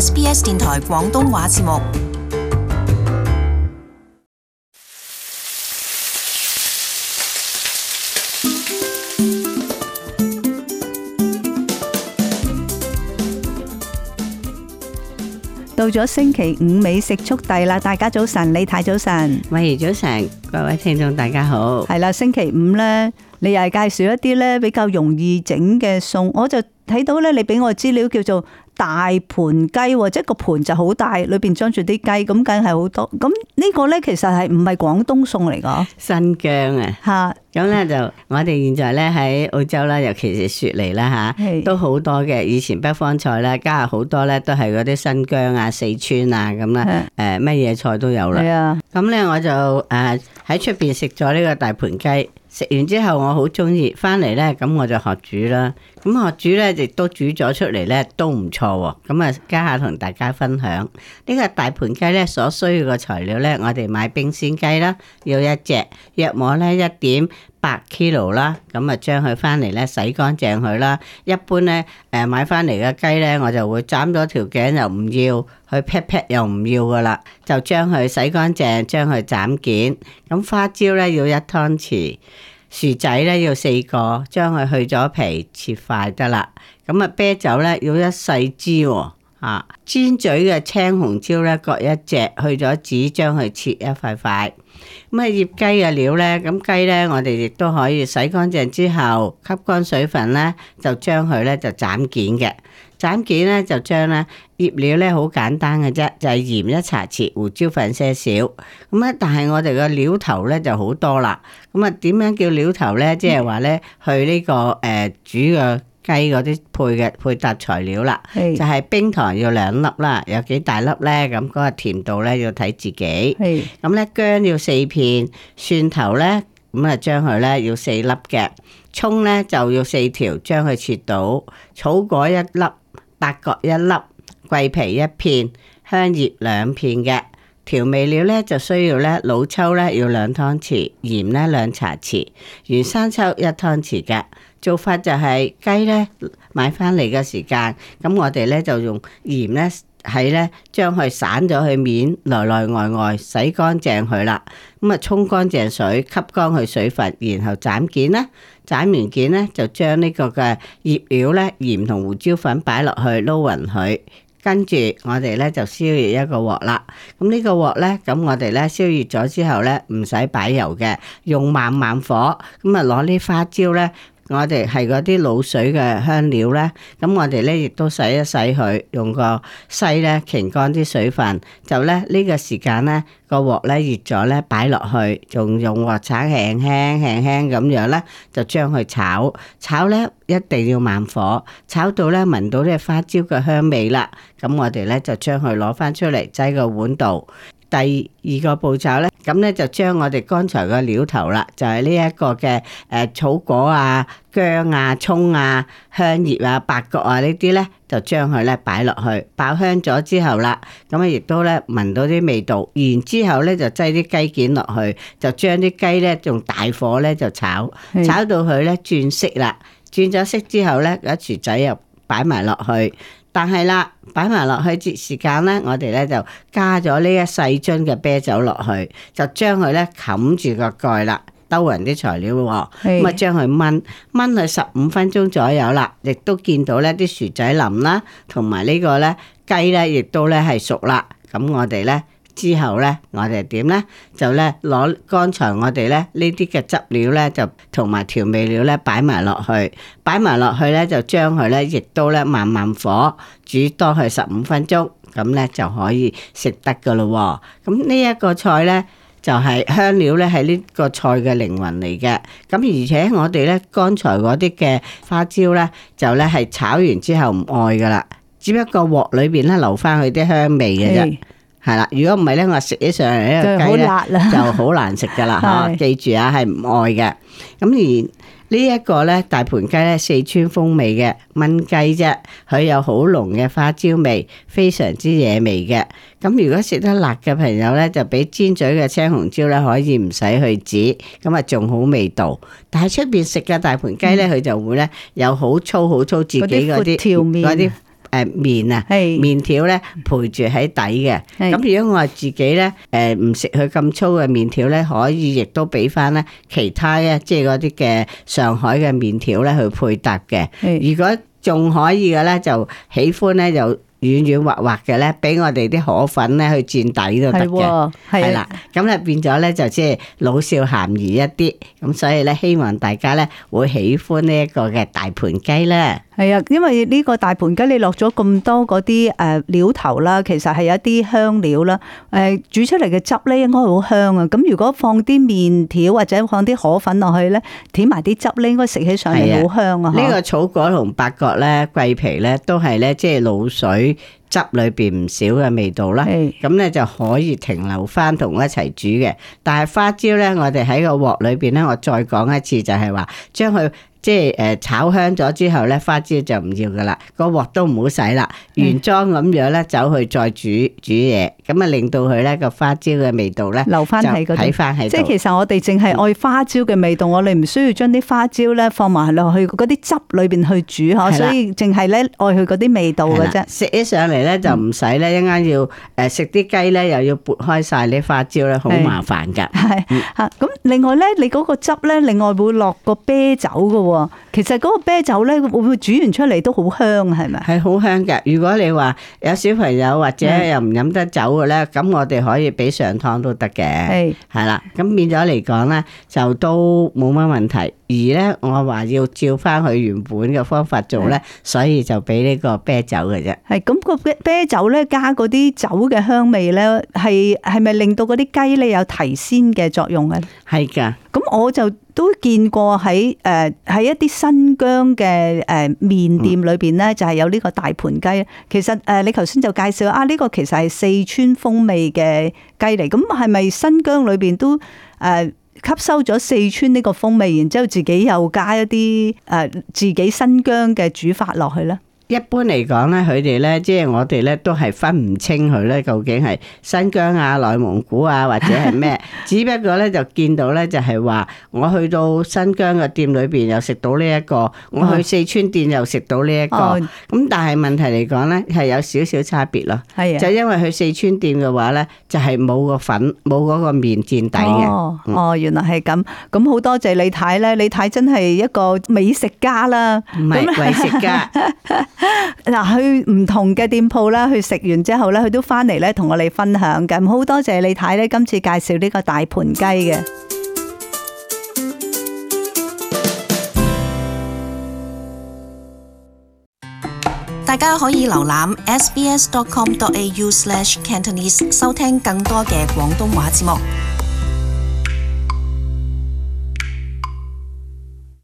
SBS 電台廣東話節目。到咗星期五美食速遞啦！大家早晨，李太早晨，喂，早晨，各位聽眾大家好。係啦，星期五咧，你又係介紹一啲咧比較容易整嘅餸，我就睇到咧你俾我資料叫做。大盤雞或者個盤就好大，裏邊裝住啲雞，咁梗係好多。咁呢個呢，其實係唔係廣東餸嚟噶新疆啊。吓、啊，咁咧就我哋現在呢，喺澳洲啦，尤其是雪梨啦吓，啊、是都好多嘅。以前北方菜啦，家下好多呢，都係嗰啲新疆啊、四川啊咁啦，誒乜嘢菜都有啦。咁呢、啊，我就誒喺出邊食咗呢個大盤雞。食完之後我好中意，翻嚟，呢咁我就學煮啦。咁學煮呢，亦都煮咗出嚟，呢，都唔錯喎。咁啊家下同大家分享呢個大盤雞呢，所需要嘅材料呢，我哋買冰鮮雞啦，要一隻，約我呢一點。百 kilo 啦，咁啊，將佢翻嚟咧，洗乾淨佢啦。一般咧，誒買翻嚟嘅雞咧，我就會斬咗條頸又唔要，去劈劈又唔要噶啦，就將佢洗乾淨，將佢斬件。咁花椒咧要一湯匙，薯仔咧要四個，將佢去咗皮切塊得啦。咁啊，啤酒咧要一細支喎，啊尖嘴嘅青紅椒咧各一隻，去咗紙，將佢切一塊塊。咁啊，醃雞嘅料咧，咁雞咧，我哋亦都可以洗乾淨之後，吸乾水分咧，就將佢咧就斬件嘅，斬件咧就將咧醃料咧好簡單嘅啫，就係、是、鹽一茶匙，胡椒粉些少。咁啊，但係我哋個料頭咧就好多啦。咁啊，點樣叫料頭咧？即係話咧，去呢、這個誒、呃、煮嘅。雞嗰啲配嘅配搭材料啦，是就係冰糖要兩粒啦，有幾大粒咧？咁嗰個甜度咧要睇自己。咁咧薑要四片，蒜頭咧咁啊將佢咧要四粒嘅，蔥咧就要四條，將佢切到草果一粒，八角一粒，桂皮一片，香葉兩片嘅調味料咧就需要咧老抽咧要兩湯匙，鹽咧兩茶匙，原生抽一湯匙嘅。做法就係雞咧買翻嚟嘅時間，咁我哋咧就用鹽咧喺咧將佢散咗去面，內內外外洗乾淨佢啦，咁啊沖乾淨水吸乾佢水分，然後斬件咧，斬完件咧就將呢個嘅醃料咧鹽同胡椒粉擺落去撈勻佢，跟住我哋咧就燒熱一個鑊啦。咁呢個鑊咧，咁我哋咧燒熱咗之後咧，唔使擺油嘅，用慢慢火，咁啊攞啲花椒咧。我哋係嗰啲老水嘅香料呢，咁我哋呢亦都洗一洗佢，用個篩呢擎乾啲水分，就呢呢、這個時間呢，個鍋呢熱咗呢，擺落去，仲用鍋鏟輕輕輕輕咁樣呢，就將佢炒，炒呢一定要慢火，炒到呢聞到啲花椒嘅香味啦，咁我哋呢，就將佢攞翻出嚟擠個碗度。第二個步驟咧，咁咧就將我哋剛才嘅料頭啦，就係呢一個嘅誒草果啊、薑啊、葱啊、香葉啊、八角啊呢啲咧，就將佢咧擺落去爆香咗之後啦，咁啊亦都咧聞到啲味道，然之後咧就擠啲雞件落去，就將啲雞咧用大火咧就炒，炒到佢咧轉色啦，轉咗色之後咧，一薯仔又擺埋落去。但係啦，擺埋落去節時間咧，我哋咧就加咗呢一細樽嘅啤酒落去，就將佢咧冚住個蓋啦，兜勻啲材料，哦，咁啊將佢炆炆佢十五分鐘左右啦，亦都見到咧啲薯仔腍啦，同埋呢個咧雞咧亦都咧係熟啦，咁我哋咧。之後咧，我哋點咧就咧攞剛才我哋咧呢啲嘅汁料咧，就同埋調味料咧擺埋落去，擺埋落去咧就將佢咧亦都咧慢慢火煮多佢十五分鐘，咁咧就可以食得噶咯。咁呢一個菜咧就係香料咧，係呢個菜嘅靈魂嚟嘅。咁而且我哋咧剛才嗰啲嘅花椒咧就咧係炒完之後唔愛噶啦，只不過鑊裏邊咧留翻佢啲香味嘅啫。Hey. 係啦，如果唔係咧，我食起上嚟呢個雞咧就好難食噶啦。吓，是的 記住啊，係唔愛嘅。咁而呢一個咧，大盤雞咧，四川風味嘅炆雞啫，佢有好濃嘅花椒味，非常之惹味嘅。咁如果食得辣嘅朋友咧，就俾尖嘴嘅青紅椒咧，可以唔使去籽，咁啊仲好味道。但係出邊食嘅大盤雞咧，佢、嗯、就會咧有好粗好粗自己嗰啲條麵誒麵啊，麵、呃、是麵條咧陪住喺底嘅。咁是如果我自己咧，誒唔食佢咁粗嘅麵條咧，可以亦都俾翻咧其他嘅，即係嗰啲嘅上海嘅麵條咧去配搭嘅。是如果仲可以嘅咧，就喜歡咧就軟軟滑滑嘅咧，俾我哋啲河粉咧去墊底都得嘅。係啦，咁咧的變咗咧就即係老少咸宜一啲。咁所以咧希望大家咧會喜歡呢一個嘅大盤雞啦。係啊，因為呢個大盤雞你落咗咁多嗰啲誒料頭啦，其實係有一啲香料啦。誒，煮出嚟嘅汁咧，應該好香啊。咁如果放啲麵條或者放啲河粉落去咧，舔埋啲汁咧，應該食起上嚟好香啊。呢的個草果同八角咧、桂皮咧，都係咧即係卤水汁裏邊唔少嘅味道啦。咁咧的就可以停留翻同我一齊煮嘅。但係花椒咧，我哋喺個鑊裏邊咧，我再講一次就係話將佢。將即係誒炒香咗之後咧，花椒就唔要噶啦，個鑊都唔好洗啦，原裝咁樣咧走去再煮煮嘢，咁啊令到佢咧個花椒嘅味道咧留翻喺嗰啲，睇翻係。即係其實我哋淨係愛花椒嘅味道，我哋唔需要將啲花椒咧放埋落去嗰啲汁裏邊去煮，嗬，所以淨係咧愛佢嗰啲味道嘅啫。食起上嚟咧就唔使咧一間要誒食啲雞咧又要撥開晒啲花椒咧，好麻煩噶。係嚇，咁另外咧你嗰個汁咧另外會落個啤酒嘅喎。其實嗰個啤酒咧，會唔會煮完出嚟都好香係咪？係好香嘅。如果你話有小朋友或者又唔飲得酒嘅咧，咁我哋可以俾上湯都得嘅。係係啦，咁變咗嚟講咧，就都冇乜問題。而咧，我話要照翻佢原本嘅方法做咧，是的 所以就俾呢個啤酒嘅啫。係咁，個啤啤酒咧，加嗰啲酒嘅香味咧，係係咪令到嗰啲雞咧有提鮮嘅作用啊？係噶。咁我就。都見過喺誒喺一啲新疆嘅誒麵店裏邊咧，就係有呢個大盤雞。其實誒，你頭先就介紹啊，呢個其實係四川風味嘅雞嚟。咁係咪新疆裏邊都誒吸收咗四川呢個風味，然之後自己又加一啲誒自己新疆嘅煮法落去咧？一般嚟講咧，佢哋咧，即係我哋咧，都係分唔清佢咧，究竟係新疆啊、內蒙古啊，或者係咩？只不過咧，就見到咧，就係話我去到新疆嘅店裏邊又食到呢、這、一個，我去四川店又食到呢、這、一個。咁、哦、但係問題嚟講咧，係有少少差別咯。係就因為去四川店嘅話咧，就係冇個粉，冇嗰個麵墊底嘅。哦，嗯、哦，原來係咁。咁好多謝李太咧，李太真係一個美食家啦，唔係貴食家。嗱， 去唔同嘅店鋪啦，去食完之後咧，佢都翻嚟咧，同我哋分享嘅。好多謝李太咧，今次介紹呢個大盤雞嘅。大家可以瀏覽 sbs.com.au/cantonese dot dot slash 收聽更多嘅廣東話節目。